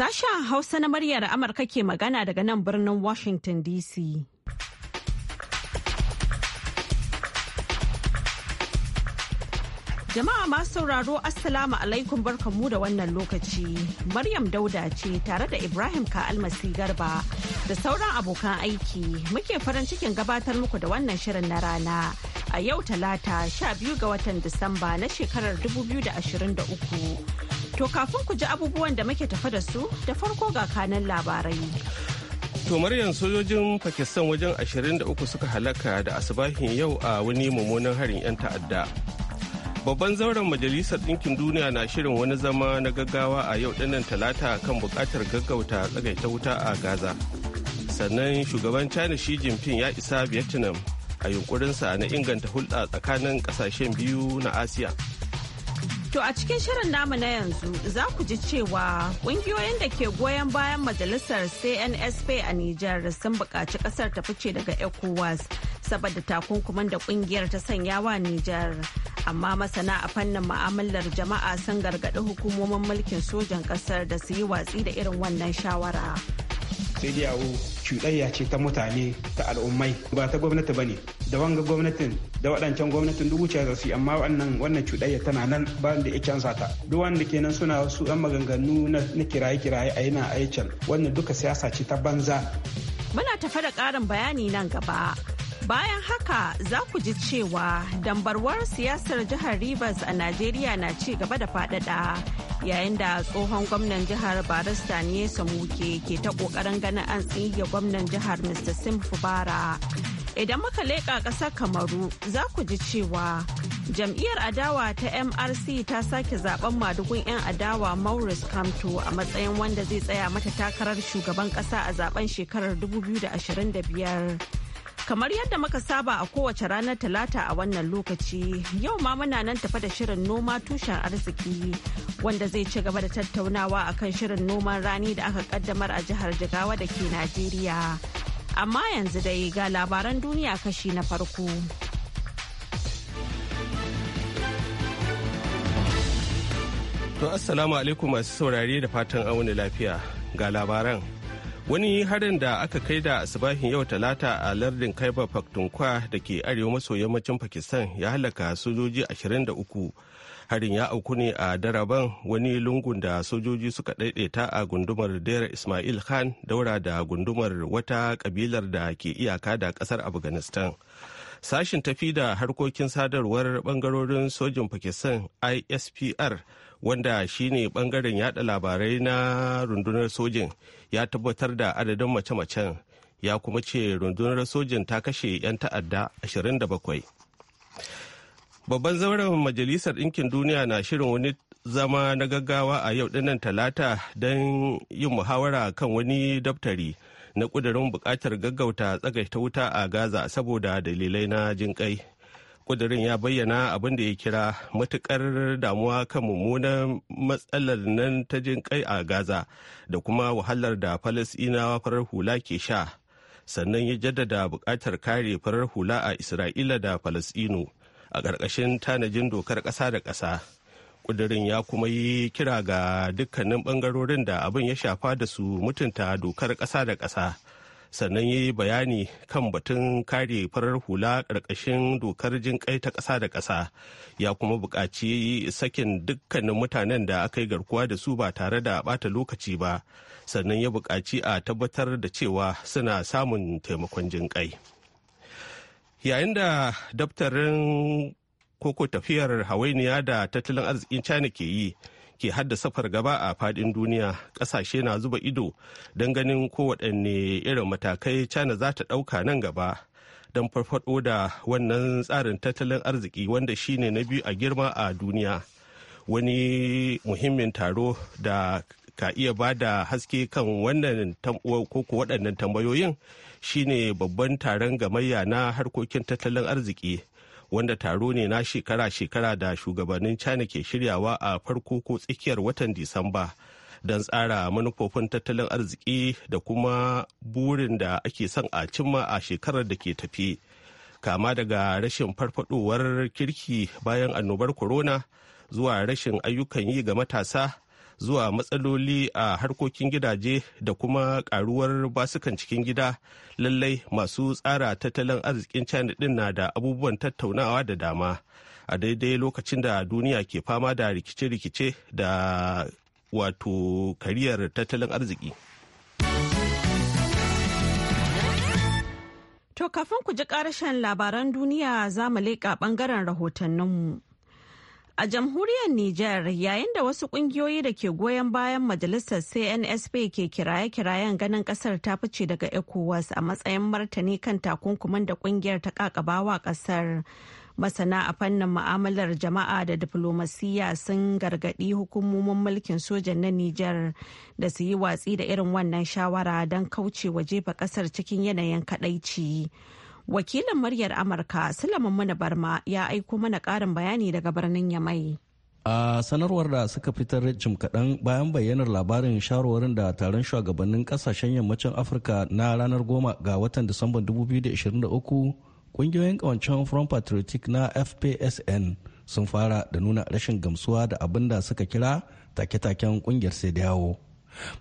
Sashen Hausa na muryar Amurka ke magana daga nan birnin Washington DC. Jama'a masu sauraro Assalamu alaikum barkanmu da wannan lokaci. Maryam Dauda ce tare da Ibrahim Ka'almasi Garba da sauran abokan aiki muke farin cikin gabatar muku da wannan shirin na rana a yau talata 12 ga watan Disamba na shekarar 2023. To kafin ku ji abubuwan da muke tafa da su da farko ga kanan labarai. To Maryam sojojin Pakistan wajen 23 suka halaka da asibahin yau a wani mummunan harin 'yan ta'adda. Babban zauren Majalisar Ɗinkin Duniya na shirin wani zama na gaggawa a yau ɗinnan talata kan buƙatar gaggauta tsagaita wuta a Gaza. Sannan shugaban China Xi Jinping ya isa Vietnam a yunkurinsa na inganta hulɗa tsakanin ƙasashen biyu na Asiya. To a cikin shirin namu na yanzu za ku ji cewa kungiyoyin da ke goyon bayan majalisar CNSP a Nijar sun buƙaci ƙasar ta fice daga ECOWAS saboda takunkuman da kungiyar ta sanya wa Nijar. Amma masana a fannin ma'amalar jama'a sun gargaɗi hukumomin mulkin sojan ƙasar da su yi watsi da irin wannan shawara. sai dai yawo cuɗayya ce ta mutane ta al'ummai ba ta gwamnati ba ne da wanga gwamnatin da waɗancan gwamnatin duk wuce za su amma wannan wannan cuɗayya tana nan ba da ya canza ta duk wanda kenan suna su ɗan maganganu na kiraye-kiraye a yana a wannan duka siyasa ce ta banza. Muna tafa da ƙarin bayani nan gaba. Bayan haka za ku ji cewa dambarwar siyasar jihar Rivers a Najeriya na ci gaba da faɗaɗa yayin da tsohon gwamnan jihar Barista ne Samuke ke ta ƙoƙarin ganin an tsige gwamnan jihar Mr. Sim Fubara. Idan muka leƙa ƙasar Kamaru za ku ji cewa jam'iyyar adawa ta MRC ta sake zaben madugun 'yan adawa Maurice Kamto a matsayin wanda zai tsaya mata takarar shugaban ƙasa a zaben shekarar 2025. Kamar yadda muka saba a kowace ranar Talata a wannan lokaci, yau ma muna nan tafa da shirin noma tushen arziki wanda zai ci gaba da tattaunawa akan shirin noman rani da aka kaddamar a jihar Jigawa da ke Najeriya. Amma yanzu dai ga labaran duniya kashi na farko. To Assalamu alaikum masu saurari da fatan auni lafiya ga labaran. wani harin da aka kai da asibahin yau talata a lardin kaiba faktunkwa da ke arewa maso yammacin pakistan ya halaka sojoji 23 harin ya auku ne a daraban wani lungun da sojoji suka daidaita a gundumar dera ismail khan daura da gundumar wata kabilar da ke iyaka da kasar afghanistan sashin tafi da harkokin sadarwar bangarorin sojin pakistan ispr wanda shine bangaren yada labarai na rundunar sojin ya tabbatar da adadin mace-macen ya kuma ce rundunar sojin ta kashe 'yan ta'adda 27 babban zauren majalisar ɗinkin duniya na shirin wani zama na gaggawa a yau dinnan talata don yin muhawara kan wani daftari na ƙudurin buƙatar gaggauta tsagaita wuta a gaza saboda dalilai na jinƙai. kudirin ya bayyana abin da ya kira matukar damuwa kan mummunan matsalar nan ta jin kai a gaza da kuma wahalar da falasinawa farar hula ke sha sannan ya jaddada buƙatar kare farar hula a isra'ila da falasino a ƙarƙashin tanajin dokar ƙasa da ƙasa kudirin ya kuma yi kira ga dukkanin ɓangarorin da abin ya shafa da su mutunta dokar ƙasa da ƙasa sannan ya yi bayani kan batun kare farar hula ƙarƙashin dokar jinƙai ta ƙasa da ƙasa ya kuma buƙaci sakin dukkanin mutanen da aka yi garkuwa da su ba tare da bata lokaci ba sannan ya buƙaci a tabbatar da cewa suna samun taimakon jinƙai yayin da daftarin koko tafiyar hawainiya da tattalin arzikin china ke yi ke safar gaba a fadin duniya kasashe na zuba ido don ganin kowaɗanne irin matakai china za ta ɗauka nan gaba don farfaɗo da wannan tsarin tattalin arziki wanda shine na biyu a girma a duniya wani muhimmin taro da ka iya ba da haske kan wannan koko waɗannan tambayoyin shine babban taron gamayya na harkokin tattalin arziki wanda taro ne na shekara-shekara da shugabannin china ke shiryawa a farko ko tsakiyar watan disamba don tsara manufofin tattalin arziki da kuma burin da ake son a cimma a shekarar da ke tafi kama daga rashin farfadowar kirki bayan annobar corona zuwa rashin ayyukan yi ga matasa zuwa matsaloli a harkokin gidaje da kuma karuwar basukan cikin gida lallai masu tsara tattalin arzikin china din na da abubuwan tattaunawa da dama a daidai lokacin da duniya ke fama da rikice-rikice da wato kariyar tattalin arziki. To kafin ku ji karashen labaran duniya za mu leƙa ɓangaren rahotanninmu. A jamhuriyar Nijar yayin da wasu kungiyoyi da ke goyon bayan majalisar CNSP ke kiraye-kirayen ganin kasar ta fice daga ECOWAS a matsayin martani kan takunkuman da kungiyar ta kakabawa kasar. Masana a fannin ma'amalar jama'a da diflomasiyya sun gargaɗi hukumomin mulkin sojan na Nijar da su yi watsi da irin wannan shawara don kaucewa jefa ƙasar cikin yanayin kaɗaici. wakilin muryar amurka sulaiman mana barma ya aiko mana karin bayani daga birnin yamai a sanarwar da suka fitar jim kaɗan bayan bayyanar labarin shawarwarin da taron shugabannin ƙasashen yammacin afirka na ranar goma ga watan disamban 2023 ƙungiyoyin ƙawancen front patriotic na fpsn sun fara da nuna rashin gamsuwa da abin da suka kira take-taken ƙungiyar sai yawo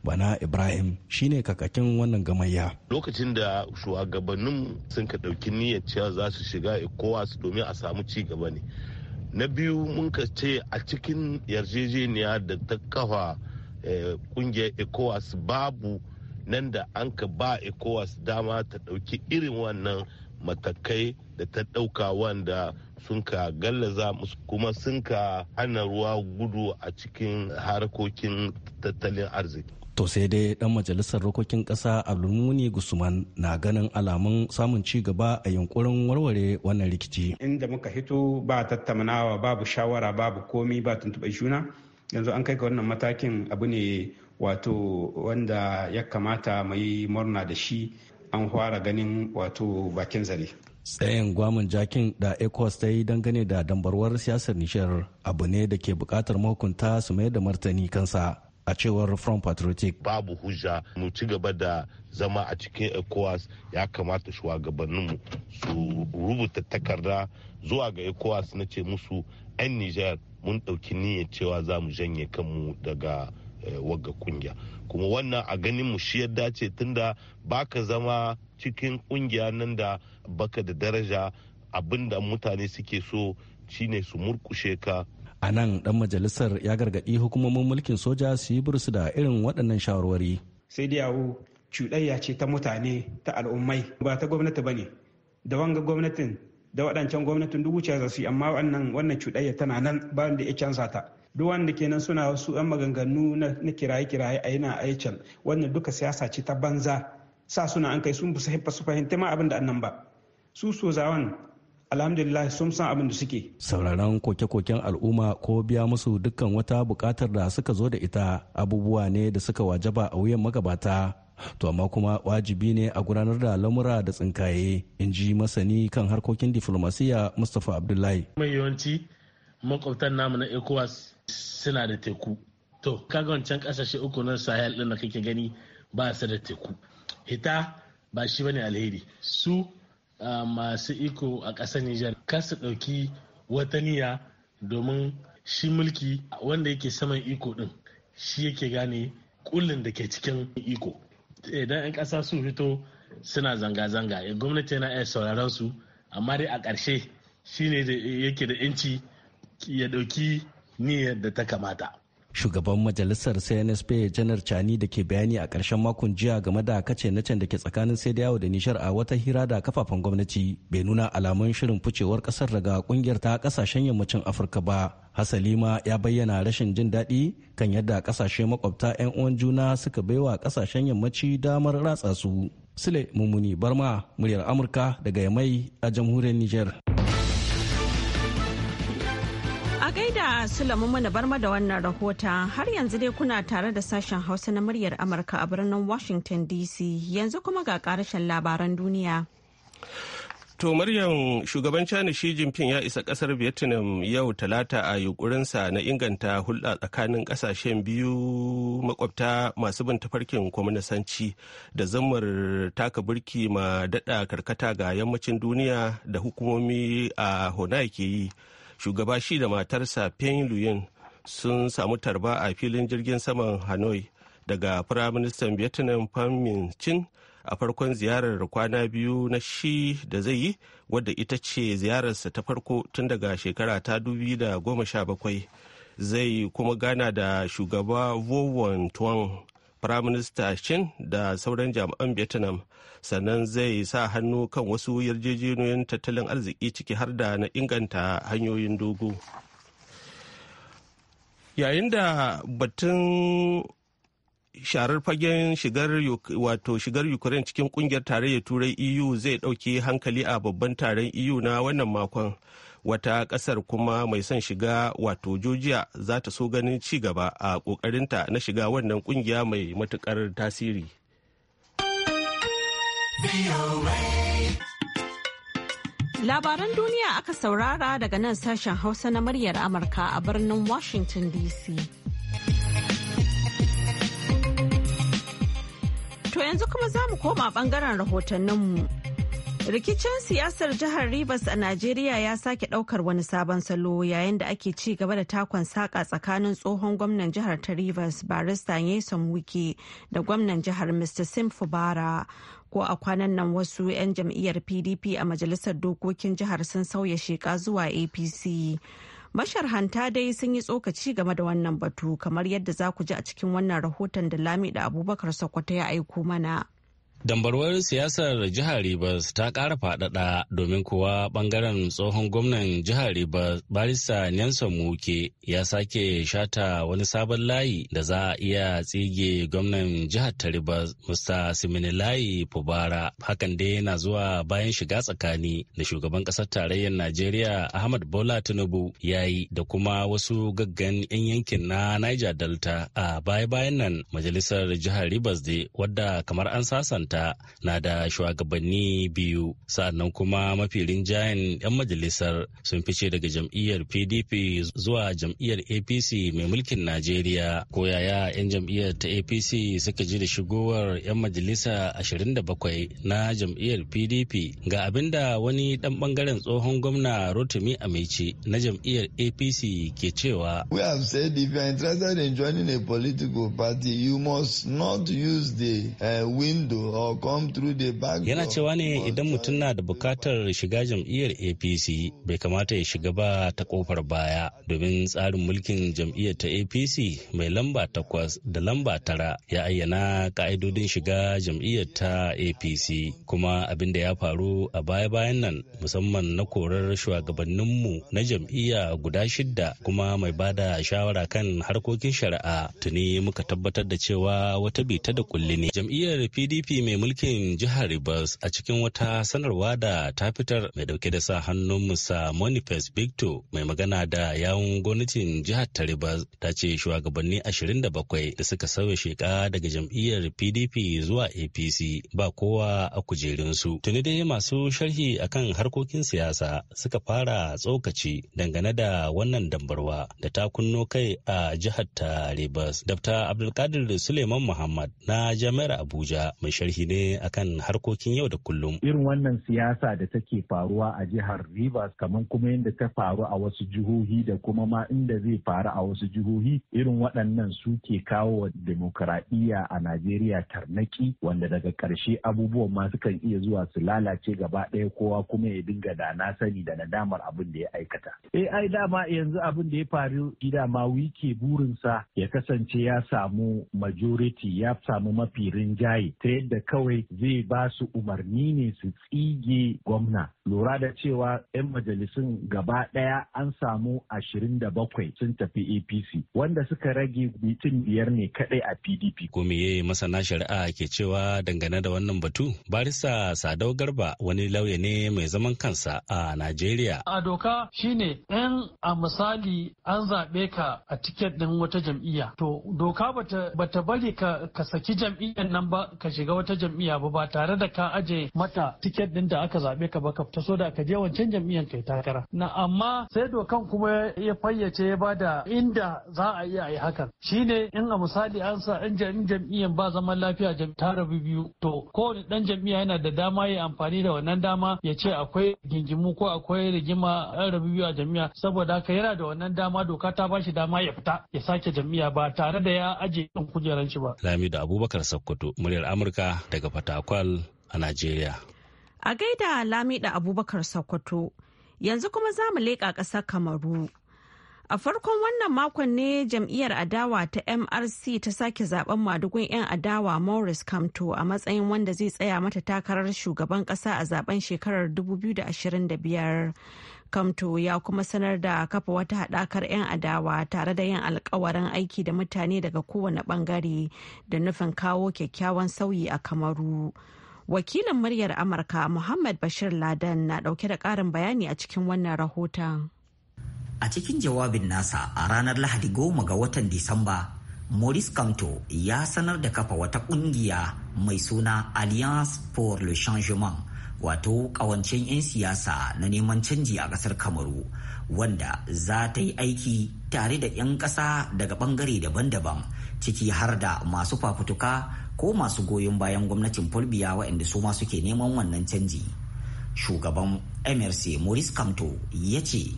bana ibrahim shine kakakin wannan gamayya lokacin da shugabannin sun ka ɗauki niyyar cewa za su shiga ecowas domin a samu ci gaba ne na biyu mun ka ce a cikin yarjejeniya da ta kafa kungiyar eh, ecowas babu nan da an ka ba ecowas dama ta ɗauki irin wannan matakai da ta ɗauka wanda sun ka gallaza musu kuma sun ka hana ruwa gudu a cikin harkokin tattalin arziki to sai dai dan majalisar rokokin kasa abdulmuni gusman na ganin alamun samun ci gaba a yunkurin warware wannan rikici inda muka hito ba tattaunawa babu shawara babu komi ba tuntuɓe juna yanzu an kai ga wannan matakin abu ne wato wanda ya kamata mai murna da shi an fara ganin wato bakin zare tsayin gwamin jakin da ecos ta yi dangane da dambarwar siyasar nishiyar abu ne da ke bukatar mahukunta su mai da martani kansa a cewar front patriotic babu hujja mu ci gaba da zama a cikin ecowas ya kamata shugabanninmu su rubuta takarda zuwa ga ecowas na ce musu 'yan nijar mun ɗauki niyyar cewa za mu janye kanmu daga eh, wagga kungiya kuma wannan a ganin mu shi ya dace tunda baka zama cikin kungiya nan da baka da daraja abinda mutane suke so shine su murkushe ka a nan dan majalisar ya gargadi hukumomin mulkin soja su yi bursu da irin waɗannan shawarwari sai dai yawo cuɗayya ce ta mutane ta al'ummai ba ta gwamnati ba ne da wanga gwamnatin da waɗancan gwamnatin duk wuce za su amma wannan wannan cuɗayya tana nan ba da ya canza ta duk wanda kenan suna wasu 'yan maganganu na kiraye-kiraye a yana aicen wannan duka siyasa ce ta banza sa suna an kai sun su fahimta ma abin da annan ba su sozawan alhamdulillah sun san abin da suke sauraron koke-koken al'umma ko biya musu dukkan wata bukatar da suka zo da ita abubuwa ne da suka wajaba a wuyan magabata to amma kuma wajibi ne a gudanar da lamura da tsinkaye in ji masani kan harkokin diflomasiya mustapha abdullahi mai yawanci makwabtan namu na ecowas suna da teku to kaga wancan kasashe uku na sahel din da kake gani ba su da teku hita ba shi bane alheri su ah, masu iko a ƙasar Nijar kasa ɗauki wata niyya domin shi mulki wanda yake saman iko ɗin shi yake gane kullin da ke cikin iko idan 'yan ƙasa su fito suna zanga-zanga eh, gwamnati yana iya sauraron su amma dai a ƙarshe shine yake da 'yanci ya ɗauki niyyar da ta kamata shugaban majalisar cnsp janar cani da ke bayani a ƙarshen makon jiya game da kace na can da ke tsakanin sai da yawo da nishar a wata hira da kafafen gwamnati bai nuna alamun shirin ficewar ƙasar daga ƙungiyar ta kasashen yammacin afirka ba hasali ma ya bayyana rashin jin daɗi kan yadda ƙasashe makwabta 'yan uwan juna suka bai wa ƙasashen yammaci damar ratsa su sule mummuni barma muryar amurka daga yamai a jamhuriyar Nijar. A gaida sulamu mana barma da wannan rahota har yanzu dai kuna tare da sashen Hausa na muryar Amurka a birnin Washington DC yanzu kuma ga karashen labaran duniya. To Maryam shugaban China Xi Jinping ya isa kasar Vietnam yau talata a yunkurinsa na inganta hulɗa tsakanin ƙasashen biyu makwabta masu bin tafarkin kwaminisanci da zammar taka burki ma daɗa karkata ga yammacin duniya da hukumomi a hona ke yi. shugaba shi da matarsa peng luyin sun samu tarba a filin jirgin saman hanoi daga firaministan vietnam pan min chin a farkon ziyarar kwana biyu na shi da zai yi wadda ita ce ziyararsa ta farko tun daga shekara ta bakwai zai kuma gana da shugaba vovon tuwon firaminista shin da sauran jami'an vietnam sannan zai sa hannu kan wasu yarjejeniyoyin tattalin arziki ciki har da na inganta hanyoyin dogo yayin da batun sharar fagen shigar shigar ukraine cikin kungiyar tarayyar turai eu zai dauki hankali a babban taron eu na wannan makon wata kasar kuma mai son shiga wato georgia za ta so ganin ci gaba a kokarinta na shiga wannan kungiya mai matuƙar tasiri labaran duniya aka saurara daga nan sashen hausa na muryar amurka a birnin washington dc To yanzu kuma za mu koma bangaren rahotanninmu. Rikicin siyasar jihar Rivers a Najeriya ya sake daukar wani sabon salo yayin da ake ci gaba da takon saka tsakanin tsohon gwamnan jihar ta Rivers barista Nyesom Wike da gwamnan jihar Mr. Sim Fubara. Ko a kwanan nan wasu 'yan jam'iyyar PDP a majalisar dokokin jihar sun sauya sheka zuwa APC. Masharhanta dai sun yi tsokaci game da wannan batu kamar yadda za ku ji a cikin wannan rahoton da Lami da Abubakar Sokoto ya aiko mana. Dambarwar siyasar jihar Rivers ta ƙara faɗaɗa domin kuwa ɓangaren tsohon gwamnan jihar Rivers barista Nelson Muke ya sake shata wani sabon layi da za a iya tsige gwamnan jihar ta Rivers Mr. layi Fubara. Hakan dai yana zuwa bayan shiga tsakani da shugaban ƙasar tarayyar Najeriya Ahmad Bola Tinubu ya yi da kuma wasu gaggan 'yan yankin na Niger Delta a baya-bayan nan majalisar jihar Rivers dai wadda kamar an sasanta kanta na da shugabanni biyu sannan kuma mafi rinjayen 'yan majalisar sun fice daga jam'iyyar pdp zuwa jam'iyyar apc mai mulkin najeriya ko yaya 'yan jam'iyyar ta apc suka ji da shigowar 'yan majalisa 27 na jam'iyyar pdp ga abin da wani dan bangaren tsohon gwamna rotimi amici na jam'iyyar apc ke cewa we have said if you are interested in joining a political party you must not use the uh, window Yana cewa ne idan mutum na da bukatar shiga jam'iyyar APC bai kamata ya shiga ba ta kofar baya domin tsarin mulkin jam'iyyar ta APC mai lamba takwas da lamba tara ya ayyana ka'idodin shiga jam'iyyar ta APC kuma abin da ya faru a baya-bayan nan musamman na korar shugabanninmu na jam'iyya guda shidda kuma mai ba da shawara kan harkokin shari'a tuni muka tabbatar da cewa wata bi ta da kulli ne jam'iyyar PDP mai mulkin jihar Rivers a cikin wata sanarwa da ta fitar mai dauke da sa hannun Musa Moniface Victor mai magana da yawun gwamnatin jihar ta Rivers ta ce shugabanni 27 da suka sauya sheka daga jam'iyyar PDP zuwa APC ba kowa a kujerunsu. Tuni dai masu sharhi akan harkokin siyasa suka fara tsokaci dangane da wannan dambarwa da ta kunno kai a jihar ta Rivers. Dr. Abdulkadir Suleiman Muhammad na Jami'ar Abuja mai sharhi sharhi ne akan harkokin yau da kullum. Irin wannan siyasa da take faruwa a jihar Rivers kamar kuma yadda ta faru a wasu jihohi da kuma ma inda zai faru a wasu jihohi irin waɗannan suke kawo wa demokuraɗiyya a Najeriya tarnaki wanda daga ƙarshe abubuwan ma sukan iya zuwa su lalace gaba ɗaya kowa kuma ya dinga da na sani da nadamar abin da ya aikata. Eh, ai dama yanzu abin da ya faru gida ma wike burinsa ya kasance ya samu majority ya samu mafi rinjaye ta yadda kawai zai ba su umarni ne su tsige gwamna lura da cewa 'yan majalisun gaba ɗaya an samu 27 sun tafi apc wanda suka rage mutum biyar ne kaɗai a pdp ko meye masana shari'a ke cewa dangane da wannan batu barista sadau garba wani lauya ne mai zaman kansa a najeriya a doka shine ɗan a misali an zaɓe ka a tiket ɗin wata jam'iyya to doka bata bari ka saki jam'iyyar nan ba ka shiga wata jam'iyya ba ba tare da ka aje mata tiket din da aka zaɓe ka ba ka fita so da ka je wancan jam'iyyar kai takara na amma sai dokan kuma ya fayyace ya ba da inda za a iya ayi yi hakan shine in a misali an sa in jam'iyyar ba zaman lafiya ta rabu biyu to kowane dan jam'iyya yana da dama ya amfani da wannan dama ya ce akwai gingimu ko akwai rigima an rabu biyu a jam'iyya saboda haka yana da wannan dama doka ta bashi dama ya fita ya sake jam'iyya ba tare da ya aje ɗan kujeranci shi ba. Lamido Abubakar Sokoto muryar Amurka daga Fatakwal a Najeriya. A gaida Lamida Abubakar Sokoto, yanzu kuma za mu leƙa ƙasar Kamaru. A farkon wannan makon ne jam'iyyar adawa ta MRC ta sake zaben madugun 'yan adawa Maurice Kamto a matsayin wanda zai tsaya mata takarar shugaban ƙasa a zaben shekarar 2025. Kamto ya kuma sanar da kafa wata hadakar 'yan adawa tare da yin alkawarin aiki da mutane daga kowane bangare da nufin kawo kyakkyawan sauyi a Kamaru. Wakilin muryar Amurka Muhammad Bashir ladan na dauke da karin bayani a cikin wannan rahoton. A cikin jawabin nasa a ranar Lahadi goma ga watan Disamba, Maurice Kamto ya sanar da kafa wata ƙungiya mai suna Alliance pour le Changement wato ƙawancen 'yan siyasa na neman canji a ƙasar kamaru wanda za ta yi aiki tare da 'yan ƙasa daga ɓangare daban-daban ciki har da masu fafutuka ko masu goyon bayan gwamnatin fulbiya waɗanda su ma suke neman wannan canji shugaban mrc maurice kamto ya ce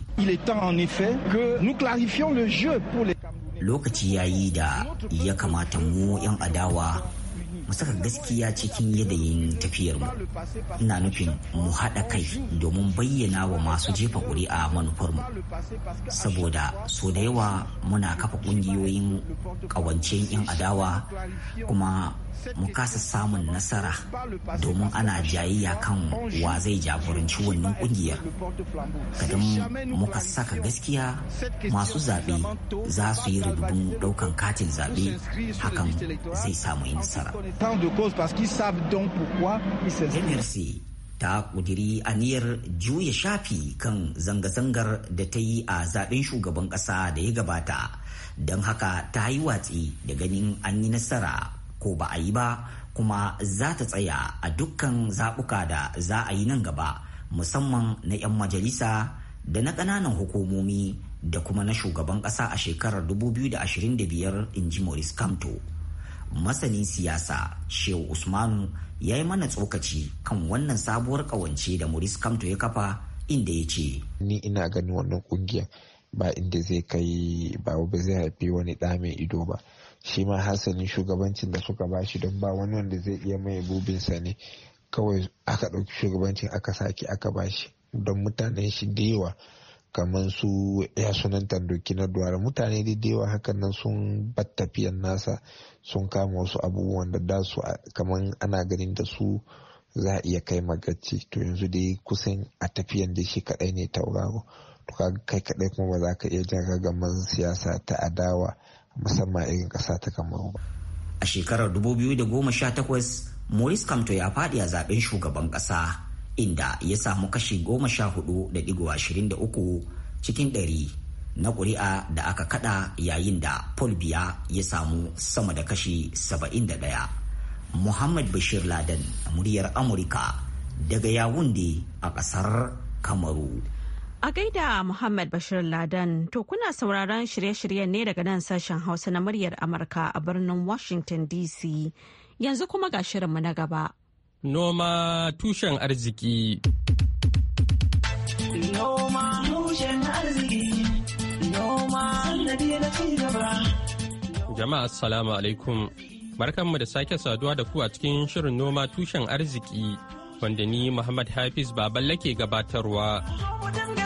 lokaci ya yi da ya kamata mu 'yan adawa mu saka gaskiya cikin yadayin tafiyar mu ina nufin mu haɗa kai domin bayyana wa masu jefa ƙuri'a manufar mu saboda so da yawa muna kafa ƙungiyoyin ƙawancen 'yan adawa kuma mu kasa samun nasara domin ana jayayya kan wa zai jagoranci wannan kungiyar kadan muka saka gaskiya masu zaɓe za su yi rububin ɗaukan katin zaɓe hakan zai samu yi nasara nlc ta kudiri aniyar juya shafi kan zanga-zangar da ta yi a zaben shugaban kasa da ya gabata don haka ta yi watsi da ganin an yi nasara ko ba a yi ba kuma za ta tsaya a dukkan zaɓuka da za a yi nan gaba musamman na 'yan majalisa da na ƙananan hukumomi da kuma na shugaban ƙasa a shekarar 2025 in ji maurice kamto masanin siyasa shehu usmanu ya yi mana tsokaci kan wannan sabuwar ƙawance da Morris kamto ya kafa inda ya ce ni ina ganin wannan ƙungiyar ba inda zai kai ba zai haifi wani ɗa mai ido ba shi ma hasanin shugabancin da suka ba shi don ba wani wanda zai iya mai bubinsa ne kawai aka ɗauki shugabancin aka sake aka ba shi don mutanen shi da yawa kamar su ya sunan tandoki na duwara mutane da yawa hakan nan sun bat tafiyan nasa sun kama wasu abubuwan da da su kamar ana ganin da su za a iya kai magacci to yanzu dai kusan a tafiyan da shi kadai ne tauraro to kai kadai kuma ba za ka iya jan ragaman siyasa ta adawa musamman irin ƙasa ta kamaru. A shekarar 2018 Maurice Kamto ya faɗi a zaben shugaban ƙasa inda ya samu kashi 14.23 cikin ɗari na ƙuri'a da aka kada yayin da Paul Biya ya samu sama da kashi 71. Muhammad Bashir Laden muryar Amurka daga Yawunde a ƙasar Kamaru. A gaida Muhammad Bashir Ladan, to kuna sauraron shirye-shiryen ne daga nan sashen Hausa na muryar Amurka a birnin Washington DC. Yanzu kuma ga shirinmu na gaba. Noma tushen arziki. Jama'a assalamu alaikum. Barkanmu da sake saduwa da ku a cikin shirin noma tushen arziki wanda ni Muhammad Hafiz Baballe ke gabatarwa.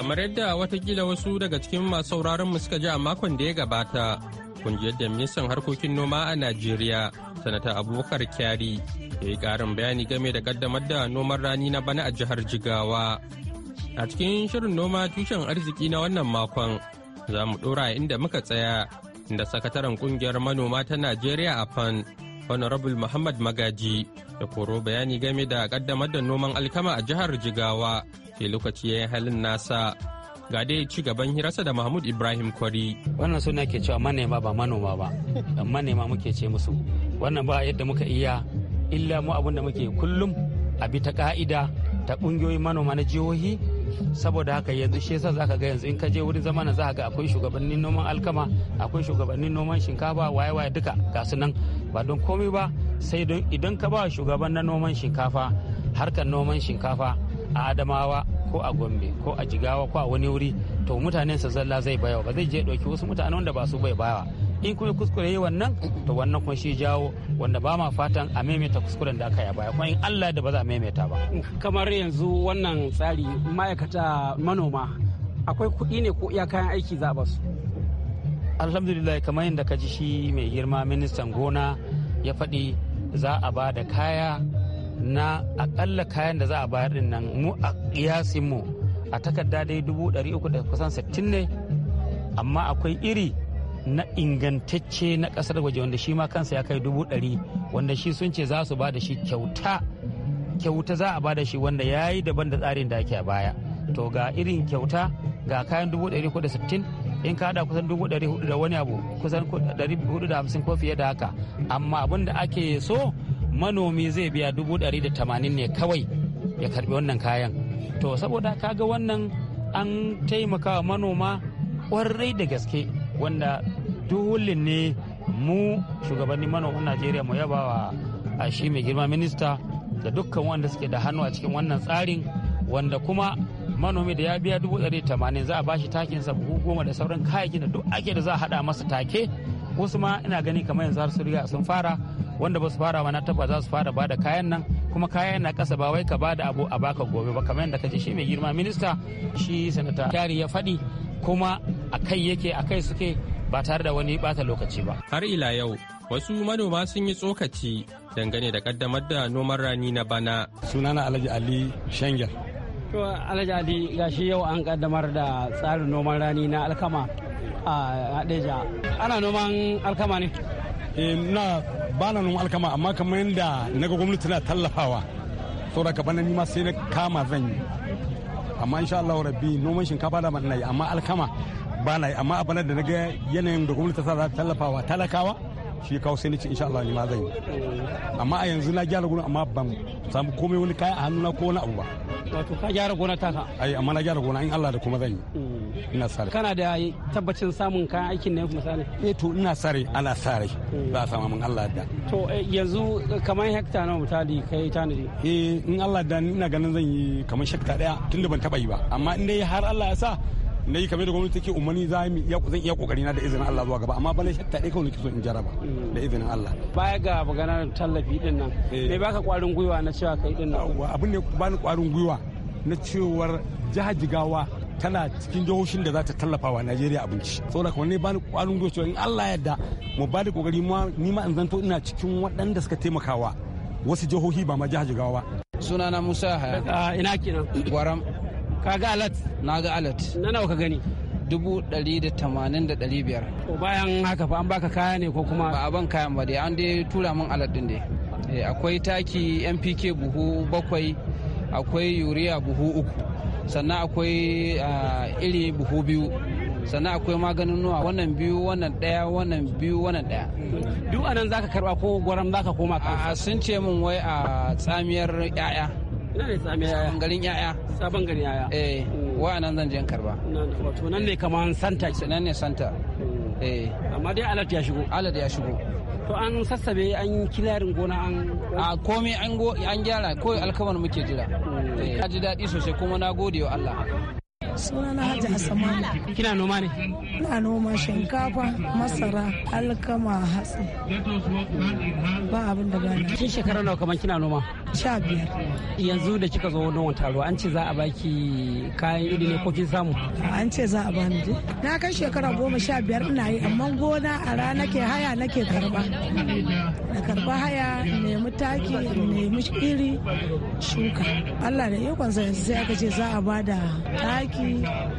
kamar yadda watakila wasu daga cikin masu sauraron mu suka ji a makon da ya gabata kungiyar da ministan harkokin noma a najeriya sanata abubakar kyari ya yi karin bayani game da kaddamar da noman rani na bana a jihar jigawa a cikin shirin noma tushen arziki na wannan makon za mu dora inda muka tsaya da sakataren kungiyar manoma ta najeriya a fan honorable muhammad magaji da koro bayani game da kaddamar da noman alkama a jihar jigawa ke lokaci ya yi halin nasa ga dai ci gaban hirarsa da mahmud ibrahim kwari wannan suna ke cewa manema ba manoma ba manema muke ce musu wannan ba yadda muka iya illa mu abin da muke kullum a bi ta ka'ida ta kungiyoyin manoma na jihohi saboda haka yanzu shi yasa zaka ga yanzu in ka je wurin zamanin za zaka ga akwai shugabannin noman alkama akwai shugabannin noman shinkafa waye waye duka ga su nan ba don komai ba sai don idan ka ba shugaban na noman shinkafa harkar noman shinkafa a adamawa ko a gombe ko a jigawa ko a wani wuri to mutanen sa zalla zai bayawa ba zai je ɗauki wasu mutane wanda ba su bai bayawa in kuma kuskure yi wannan to wannan kuma shi jawo wanda ba ma fatan a maimaita kuskuren da aka yi baya kuma in Allah da ba za a maimaita ba kamar yanzu wannan tsari ma'aikata manoma akwai kuɗi ne ko iya kayan aiki za a su. alhamdulillah kamar yadda ka ji shi mai girma ministan gona ya faɗi za a ba da kaya na akalla kayan da za a bayar din nan mu a kiyasin mu a takarda dai dubu ɗari uku da kusan sittin ne amma akwai iri na ingantacce na ƙasar waje wanda shi ma kansa ya kai dubu ɗari wanda shi sun ce za su ba da shi kyauta kyauta za a ba da shi wanda ya yi daban da tsarin da ake a baya to ga irin kyauta ga kayan dubu ɗari da sittin in ka hada kusan dubu ɗari da wani abu kusan ɗari da hamsin ko fiye da haka amma abin da ake so manomi zai biya dubu ɗari da tamanin ne kawai ya karbi wannan kayan to saboda kaga wannan an taimaka wa manoma kwarai da gaske wanda duhulin ne mu shugabannin manoman najeriya mu yaba wa shi mai girma minista da dukkan wanda suke da hannu a cikin wannan tsarin wanda kuma manomi da ya biya dubu ɗari tamanin za a bashi takin sa buhu goma da sauran kayayyakin da duk ake da za a haɗa masa take wasu ma ina gani kamar yanzu har suriya sun fara wanda ba su fara ma na za su fara bada kayan nan kuma kayan na kasa ba wai ka bada abu a baka gobe ba kamar yadda kace shi mai girma minista shi sanata kyari ya faɗi kuma a kai yake a kai suke ba tare da wani bata lokaci ba har ila yau wasu manoma sun yi tsokaci dangane da kaddamar da noman rani na bana sunana alhaji ali shengel To Alhaji Ali gashi yau an kaddamar da tsarin noman rani na alkama a Hadeja. Ana noman alkama ne? Eh, na ba na noman alkama amma kamar yadda na ga gwamnati na tallafawa. Saboda ka bana ma sai na kama zan yi. Amma insha Allah rabbi noman shinkafa da na yi amma alkama ba na yi amma abin bana da na ga yanayin da gwamnati ta tallafawa talakawa shi kawo sai nace insha Allah ni ma zan yi. Amma a yanzu na gyara gurin amma ban samu komai wani kaya a hannuna ko wani abu ba. wato ka gyara gona ka. ai amma na gyara gona in Allah da kuma zan yi mm. ina sare kana da tabbacin samun kayan aikin ne misali eh to ina sare ana sare mm. za a samu mun Allah da to eh, yanzu eh, kamar hekta nawa mutali kai tanadi eh in Allah da ina ganin zan yi kamar hekta daya tunda ban taba yi ba amma in dai har Allah ya sa na yi kamar da gwamnati take umarni za mu iya zan iya kokari na da izinin Allah zuwa gaba amma bana shatta dai kawai nake in jaraba mm. da izinin Allah baya ga maganar tallafi din nan eh. me baka kwarin gwiwa na cewa kai din nan abin ne bani kwarin gwiwa na cewar jihar Jigawa tana cikin jihohin da za ta tallafa wa Najeriya abinci. Saboda kamar ne ba ni kwarin gwiwa cewa in Allah yadda mu ba da kokari ni ma in zanto ina cikin waɗanda suka taimakawa wasu jihohi ba ma jihar Jigawa ba. Sunana Musa Haya. Ah, ina kenan. Gwaram. ka ga alat na ga alat na nawa ka gani dubu ɗari da tamanin da ɗari biyar bayan haka fa an baka kaya ne ko kuma ba a ban kayan ba dai an dai tura min alat din dai eh, akwai taki mpk buhu bakwai akwai yuriya buhu uku sannan akwai ah, iri buhu biyu sannan akwai maganin nuwa wannan biyu wannan daya wannan biyu wannan daya duk anan zaka karba ko gwaram zaka koma kansa sun ce min wai a tsamiyar yaya ina ne sami yaya garin yaya sabon garin yaya eh mm. wa nan zan je karba wato nan ne kaman santa ce nan ne santa mm. eh amma dai alat ya shigo alat ya shigo to an sassabe an kilarin gona an a komai an gyara ko alkawar muke jira ta mm. eh, ji daɗi sosai kuma na gode wa Allah sunana na hajji asamani kina noma ne ina noma shinkafa masara alkama hatsi ba abin da gani kin shekara nawa kamar kina noma sha biyar yanzu da kika zo wannan taro an ce za a baki kayan iri ne ko kin samu an ce za a bani je na kai shekara goma sha biyar ina yi amma gona a rana nake haya nake karba na karba haya nemi taki nemi iri shuka Allah da ikon yanzu sai aka ce za a bada taki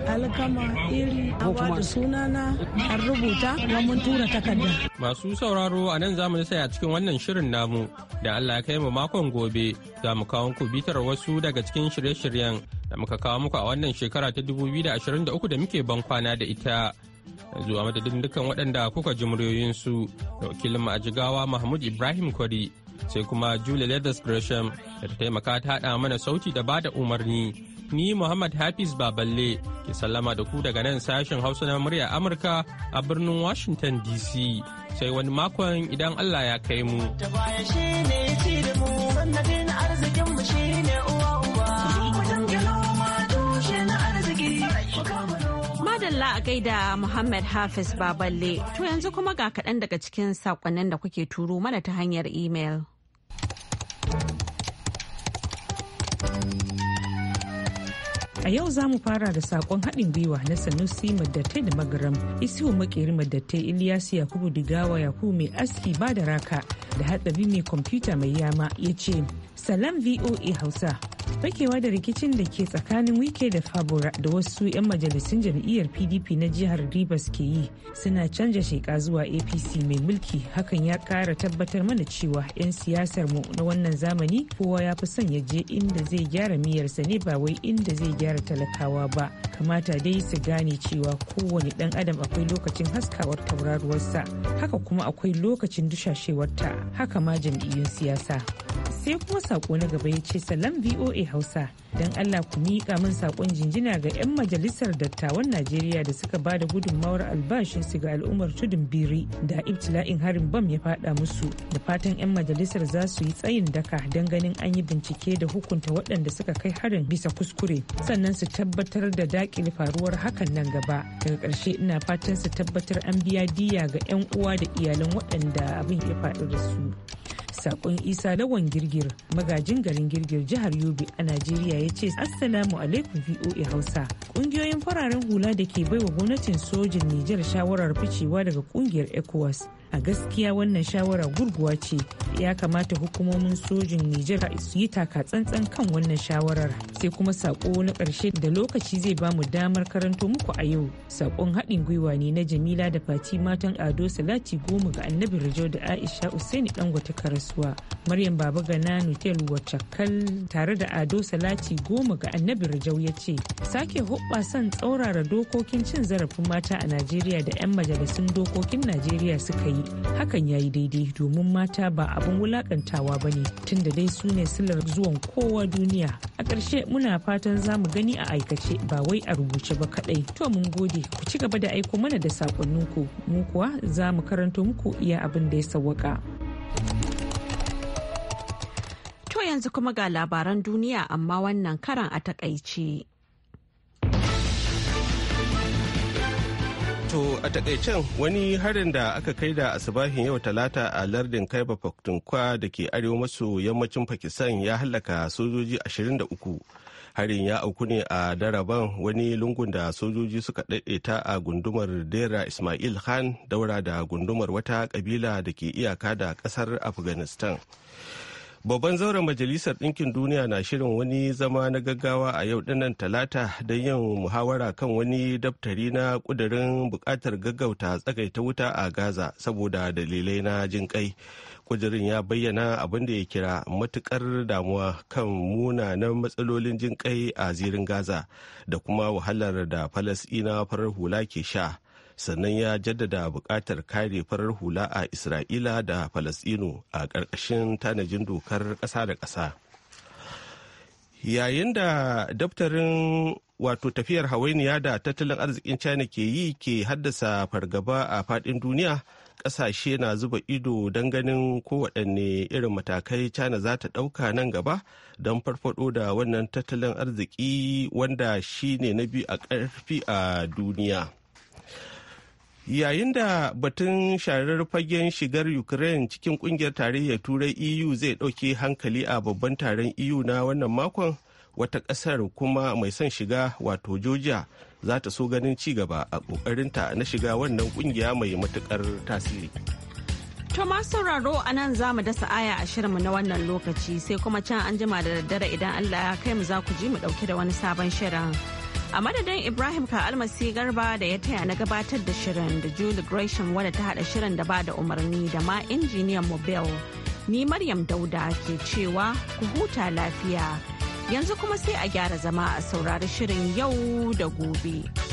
alkama iri a wata sunana a rubuta mun tura takarda. Masu sauraro a nan zamu saya a cikin wannan shirin namu da Allah ya kai mu makon gobe za mu kawo ku bitar wasu daga cikin shirye-shiryen da muka kawo muku a wannan shekara ta 2023 da muke ban kwana da ita. yanzu a madadin dukkan waɗanda kuka ji muryoyinsu da wakilin jigawa mahmud ibrahim kwari sai kuma julia leathers gresham da ta taimaka ta haɗa mana sauti da bada umarni ni Muhammad Hafiz Baballe ke sallama da ku daga nan sashen Hausa na murya Amurka a birnin Washington DC. Sai wani makon idan Allah ya kai mu. Madalla a gaida Muhammad Hafiz Baballe, to yanzu kuma ga kaɗan daga cikin saƙonnin da kuke turo mana ta hanyar imel. A yau za mu fara da sakon haɗin gwiwa na Sanusi Madate da Magaram, Isiwu Makeri Madate Ilyas Yakubu Digawa Yakubu mai aski ba da raka da haɗabi mai kwamfuta mai yama ya ce, Salam VOA Hausa fakewa da rikicin da ke tsakanin wike da fabura da wasu 'yan majalisun jam'iyyar pdp na jihar rivers ke yi suna canja sheka zuwa apc mai mulki hakan ya kara tabbatar mana cewa 'yan siyasar mu na wannan zamani kowa ya fi son ya je inda zai gyara miyarsa ne ba wai inda zai gyara talakawa ba kamata dai su gane cewa kowane dan adam akwai lokacin haskawar tauraruwarsa haka kuma akwai lokacin dushashewarta haka ma jam'iyyun siyasa sai kuma sako na gaba ya ce salam voa VOA Hausa. Don Allah ku miƙa min saƙon jinjina ga 'yan majalisar dattawan Najeriya da suka ba da gudunmawar albashinsu ga al'ummar tudun biri da ibtila'in harin bam ya faɗa musu. Da fatan 'yan majalisar za su yi tsayin daka don ganin an yi bincike da hukunta waɗanda suka kai harin bisa kuskure. Sannan su tabbatar da daƙile faruwar hakan nan gaba. Daga ƙarshe ina fatan su tabbatar an biya diya ga 'yan uwa da iyalan waɗanda abin ya faɗi da su. sakon isa lawan girgir magajin garin girgir jihar yobe a najeriya ya ce assalamu alaikum voa hausa kungiyoyin fararen hula da ke baiwa gwamnatin sojin nijar shawarar ficewa daga kungiyar ecowas a gaskiya wannan shawara gurguwa ce ya kamata hukumomin sojin nijar su yi taka tsantsan kan wannan shawarar sai kuma sako na ƙarshe da lokaci zai ba mu damar karanto muku a yau sakon haɗin gwiwa ne na jamila da fati matan ado salati goma ga annabi rajo da aisha usaini dangwata karasuwa maryam baba gana nutel wacakal tare da ado salati goma ga annabi rajau ya ce sake son tsaurara dokokin cin zarafin mata a najeriya da 'yan majalisun dokokin najeriya suka yi hakan ya yi daidai domin mata ba abin wulaƙantawa ba ne tunda dai su ne silar zuwan kowa duniya a ƙarshe muna fatan za mu gani a aikace ba wai a rubuce ba kaɗai to mun gode ku ci gaba da aiko mana da saƙonninku mu kuwa za mu karanto muku iya abin da ya sawwaka. To yanzu kuma ga labaran duniya amma wannan karan a takaice. To a takaicen wani harin da aka kai da asibahin yau talata a lardin Kaiba Pakhtunkhwa da ke arewa maso yammacin Pakistan ya hallaka sojoji 23. Harin ya auku ne a Daraban wani lungun da sojoji suka ta a gundumar Dera Ismail Khan daura da gundumar wata kabila da ke iyaka da ƙasar Afghanistan. Babban zauren Majalisar Ɗinkin Duniya na shirin wani zama na gaggawa a yau dinnan Talata don yin muhawara kan wani daftari na ƙudurin buƙatar gaggauta tsagaita wuta a Gaza saboda dalilai na jin kai. Ƙudurin ya bayyana abin da ya kira matuƙar damuwa kan munanan matsalolin jin kai a zirin Gaza da kuma wahalar da Falasɗina farar hula ke sha. sannan ya jaddada buƙatar kare farar hula a isra'ila da falasɗinu a ƙarƙashin tanajin dokar ƙasa da ƙasa yayin da daftarin wato tafiyar hawainiya da tattalin arzikin china ke yi ke haddasa fargaba a faɗin duniya ƙasashe na zuba ido don ganin kowaɗanne irin matakai china za ta ɗauka nan gaba don farfaɗo da wannan tattalin arziki wanda shi ne na biyu a ƙarfi a duniya yayin da batun sharar fagen shigar ukraine cikin kungiyar tarayyar turai eu zai ɗauke hankali a babban taron eu na wannan makon wata kasar kuma mai son shiga wato georgia za ta so ganin cigaba gaba a ta na shiga wannan kungiya mai matukar tasiri thomas sauraro a nan za mu dasa aya a shirinmu na wannan lokaci sai kuma can an jima da daddare idan Allah ya kai mu za ku ji mu ɗauke da wani sabon shirin. A madadin Ibrahim Ka'almasi Garba da ya taya na gabatar da shirin da Julie Gresham wadda ta haɗa shirin da ba da umarni da ma injiniyan Mobile. Ni Maryam Dauda ke cewa ku huta lafiya. Yanzu kuma sai a gyara zama a saurari shirin yau da gobe.